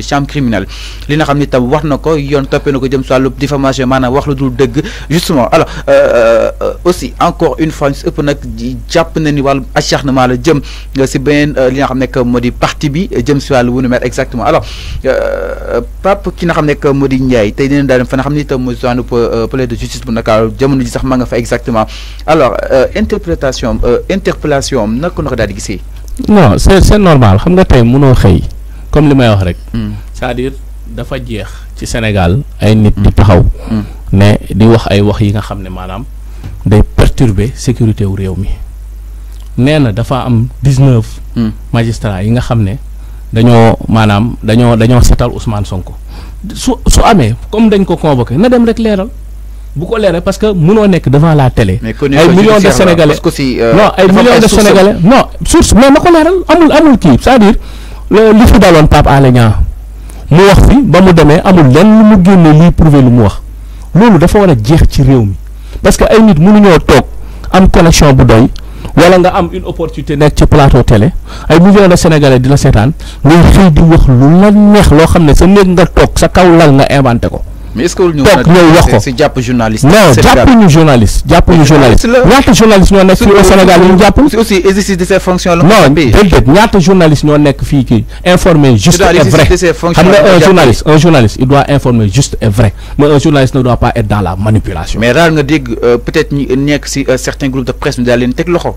di chambre criminelle li nga xamni ne tam wax na ko yoon toppee jëm si diffamation manam wax lu dul deug justement alors euh, euh aussi encore une fois ëpp nak di japp na ni wàllu acharnement la jëm ci euh, beneen euh, li nga xam que modi parti bi jëm ci wàllu wunu mer exactement alors pap ki nga xam nekk moo di Ndiaye tey dinañ daal fa nga xam ne itam mooy zone palais de justice bu nakal jamono ji sax ma nga fa exactement alors interprétation interpellation nak naka nga ko daal di gisee. non c'est c'est normal xam nga tay mëno xey comme li may wax rek. Hmm. c'est-à-dire dafa jeex ci Sénégal ay nit di hmm. taxaw. Hmm. ne di wax ay wax yi nga xam manam day perturber sécurité wu réew mi nee dafa am 19 neuf magistrats yi nga xam ne dañoo maanaam dañoo dañoo setal Ousmane Sonko su su amee comme dañ ko convoquer na dem rek léral bu ko léré parce que mëno nek devant la télé. ay millions de sénégalais euh, non ay millions de sénégalais non source mais nako léral amul amul ki c'est-à-dire. li fi daloon Pape Alé Niang mu wax fi ba mu demee amul lenn mu génne liy prouver lu mu wax loolu dafa war a jeex ci réew mi parce que ay nit mënuñoo toog am connexion bu doy wala nga am une opportunité nekk ci plateau télé ay millions de sénégalais dina seetaan ngay xëy di wax lu la neex loo xam ne sa néeg nga toog sa kaw lal nga inventé ko. mais est-ce que ñu wax ko c'est déjà journaliste. non jàppuñu journaliste jàppuñu journaliste. ñaata journaliste ñoo nek au Sénégal ñu ñu jàpp. aussi exercice de ses fonctions là non déedéet ñaata journaliste ñoo nek fi kii informer juste et vrai xam un journaliste un journaliste il doit informer juste et vrai mais un journaliste ne doit pas être dans la manipulation. mais raar nga dit euh, peut-être ñi nek ci euh, certains groupes de presse ñu daal leen teg loxo.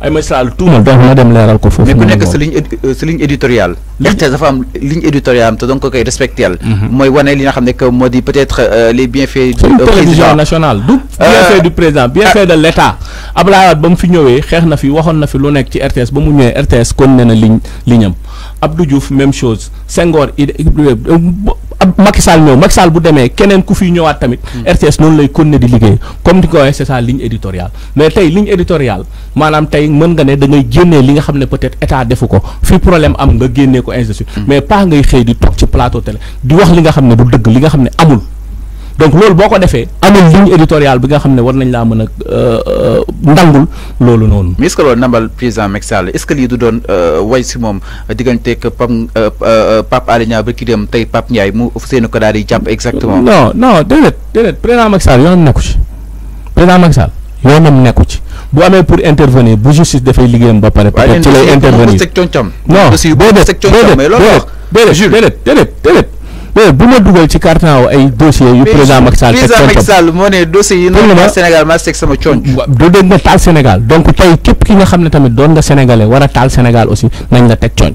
ay magistrat la tuumal ko nekk sa ligne éditoriale. RTS dafa am ligne éditoriale mooy wane li nga xam ne moo di peut être les bienfaits. du président télévision nationale de l' état. Abdoulaye ba mu fi ñëwee xeex na fi waxoon na fi lu nekk ci RTS ba mu ñëwee RTS kon ne na ligne ligne am Abdou Diouf même chose Senghor. ab Macky Sall ñëw Macky Sall bu demee keneen ku fi ñëwaat tamit. Hmm. RTS noonu lay continuer di liggéey comme ni ko waxee c'est ça ligne éditoriale mais tey ligne éditoriale maanaam tey mën nga ne da ngay génnee li nga xam ne peut-être état defu ko fi problème am nga génnee ko ainsi hmm. mais pas ngay xëy di toog ci plateau télé di wax li nga xam ne du dëgg li nga xam ne amul. donc loolu boo ko defee amul ligne éditoriale bi nga xam ne war nañ laa mën a euh, euh, ndangul loolu noonu. mais est ce que loolu nambal président Macky Sall est ce du doon euh, way si moom diggante Pam Pape Alé Niang ba kii dem tey Pape Ndiaye mu seen ko daal di jàpp exactement. non non déedéet déedéet président Macky Sall yoonam nekku ci président Macky Sall yoonam nekku ci. bu amee pour intervenir bu justice dafay liggéeyam ba pare. peut-être ci lay intervenir waaye léegi nag moom moom mooy sec coñcam. mais bu ma dugal ci carton ay dossiers yu président Macky Sall. teg président Sénégal maa teg sama cooñ. du doon nga taal Sénégal donc tey képp ki nga xam ne tamit doon nga sénégalais war a taal Sénégal aussi nañ la teg cooñ.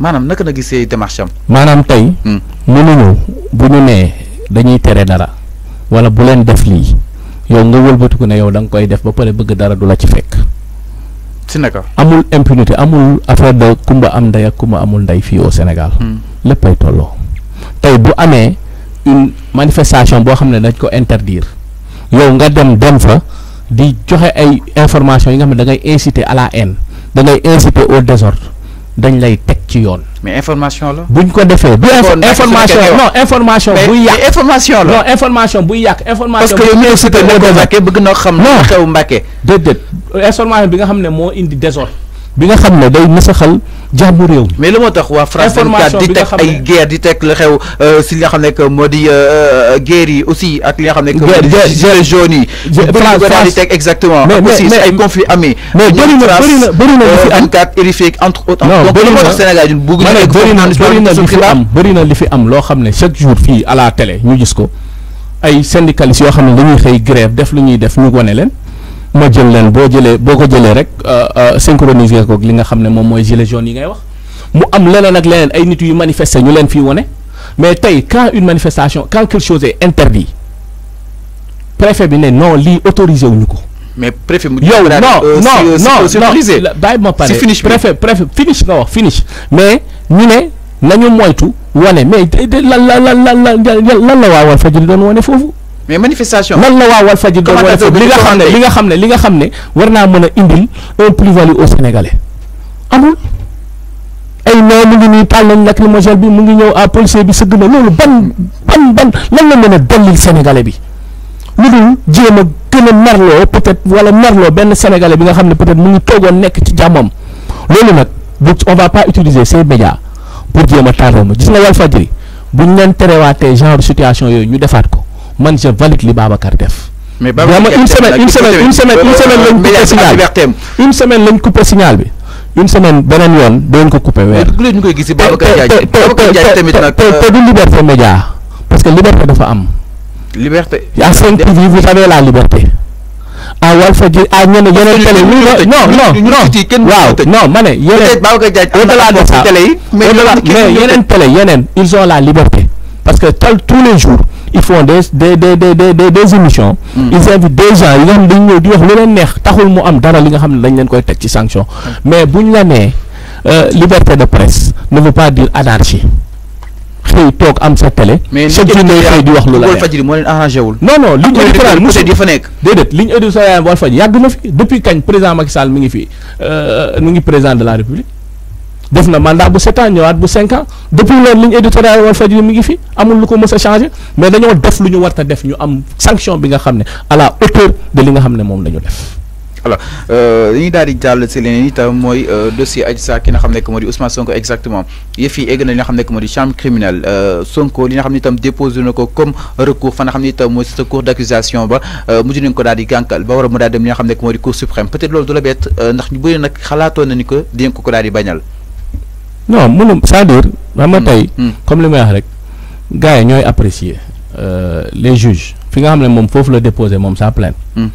maanaam naka na gisee démarche am. maanaam tey. Hmm. mënuñu bu ñu nee dañuy tere dara wala bu leen def lii yow nga wëlbatiku ne yow da nga koy def ba pare bëgg dara du la ci fekk. si naka amul impunité amul affaire de kumba am ndey ak kumba amul ndey fii au Sénégal. Hmm. léppay tolloo tey bu amee une manifestation boo xam ne dañ ko interdire yow nga dem dem fa di joxe ay information yi nga xam ne da ngay inciter à la haine da ngay inciter au désordre. dañ lay teg ci yoon. mais information la. buñ ko defee du information non information. buy yàq information la non information buy yàq. information parce que yow si bëgg na xam. non xew Mbacke. déedéet information bi nga xam ne moo indi désordre bi nga xam ne day nasaxal. jàmm réew mi mais lu moo tax waa France 24 di teg ay guerre di teg la xew euh, si li nga xam ne que moo di euh, euh, guerre yi aussi ak li nga xam ne que moo di yi di teg exactement aussi ay conflits amee mais bëri na bëri na bëri na li fi am 4 Érifique entre autres donc li fi am loo xam ne chaque jour fi à la télé ñu gis ko ay syndicalistes yoo xam ne dañuy xëy grève def lu ñuy def ñu wane leen ma jël leen boo jëlee boo ko jëlee rek synchroniser ko li nga mais quand une manifestation quand quelque chose est interdit préfet non autorisé mais préfet non non non préfet préfet finish nga wax finish mais ñu ne nañu moytu wane mais mais manifestation lan la waa Walfadjri doon war a li nga xam li nga xam li nga xam warna war naa indil un plus-value au Sénégalais amul ay mais mu ngi nii taal mo lacrymogène bi mu ngi ñew à policier bi sëgg na lolu ban ban ban lan la mën dalil Sénégalais bi lu dul jéem a gën peut-être wala merlo ben Sénégalais bi nga xam peut-être mu ngi toogoon nek ci jammam lolu nak on va pas utiliser ces médias pour jéem a taal ma gis nga Walfadjri buñ leen terewaatee genre situation yoy ñu defaat ko man je valide li def. mais une semaine une semaine une semaine une semaine signal une semaine signal une semaine parce que liberté dafa am. liberté vous la liberté. ils ont la liberté. Parce que tous les jours, ils font des, des, émissions. Hmm. Ils invitent des gens, ils ont des Mais si euh, liberté de presse ne veut pas dire anarchie. non non depuis président Macky euh, président de la République. def na mandat bu sept ans ñëwaat bu cinq ans depuis loolu ligne mi ngi fi amul lu ko mës a changé mais dañoo def lu ñu war def ñu am sanction bi nga xam ne à hauteur de li nga xam ne moom la ñu alors dañuy euh, daal di jàll euh, si Sonko na li nga xam ne que moo di euh, nga xam ne itam déposé na ko comme recours fa nga xam ne itam mooy sa cour d' accusation ba mujj nañ ko daal di gànkal ba war a mu daal dem li nga xam ne que moo di cour suprême peut être loolu du la bett ndax ñu bëri nag xalaatoon nañu ko dinañ ko ko daal di bañal. non c'est-à-dire hmm. comme le may wax rek gars yi euh, les juges fi nga xam ne moom la sa plainte hmm.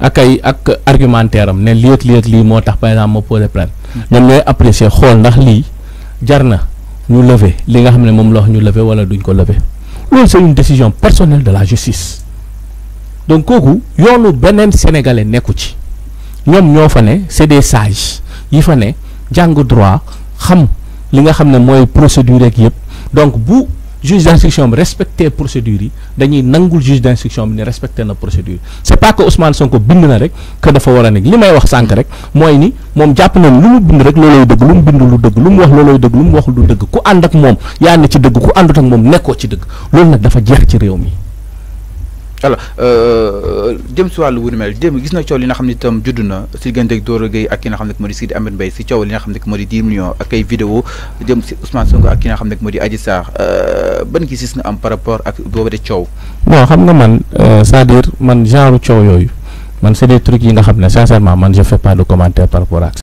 ak ay ak argumentaire am ne ak lii ak lii moo par exemple ma posé plainte hmm. ñoom ñooy apprécier xool ndax lii jar ñu lever li nga xam ne lever wala c'est une décision personnelle de la justice donc kooku yoonu beneen sénégalais nekku ci ñoom ñoo fa Nous c'est des sages yi fa ne jàng droit xam li nga xam ne procédure rek donc bu juge d'instruction bi respecté procédure yi dañuy nangul juge d'instruction bi respecté procédure c'est pas que Ousmane Sonko bind na rek que dafa war a nekk li may wax sànk rek mooy ni moom jàpp na lu bind rek de dëgg lu bind lu dëgg lu wax lu wax lu ku ak ci ku ak ci dafa ci alors euh, euh, jëm si wàllu wunu mel démb gis na coow li nga xam ne itam judd na si digganteeg Doro Gueye ak ki nga xam ne moo di Sidi Ahmed Mbaye si coow li nga xam ne moo di 10 millions ak ay vidéo jëm si Ousmane Sonko ak ki nga xam ne moo di Adji Sarr euh, ban gis-gis nga am par rapport ak boobu de coow. bon xam nga man c'est-à-dire man genre coow yooyu man c'est des trucs yi nga xam ne sincèrement man je fais pas de commentaire par rapport ak.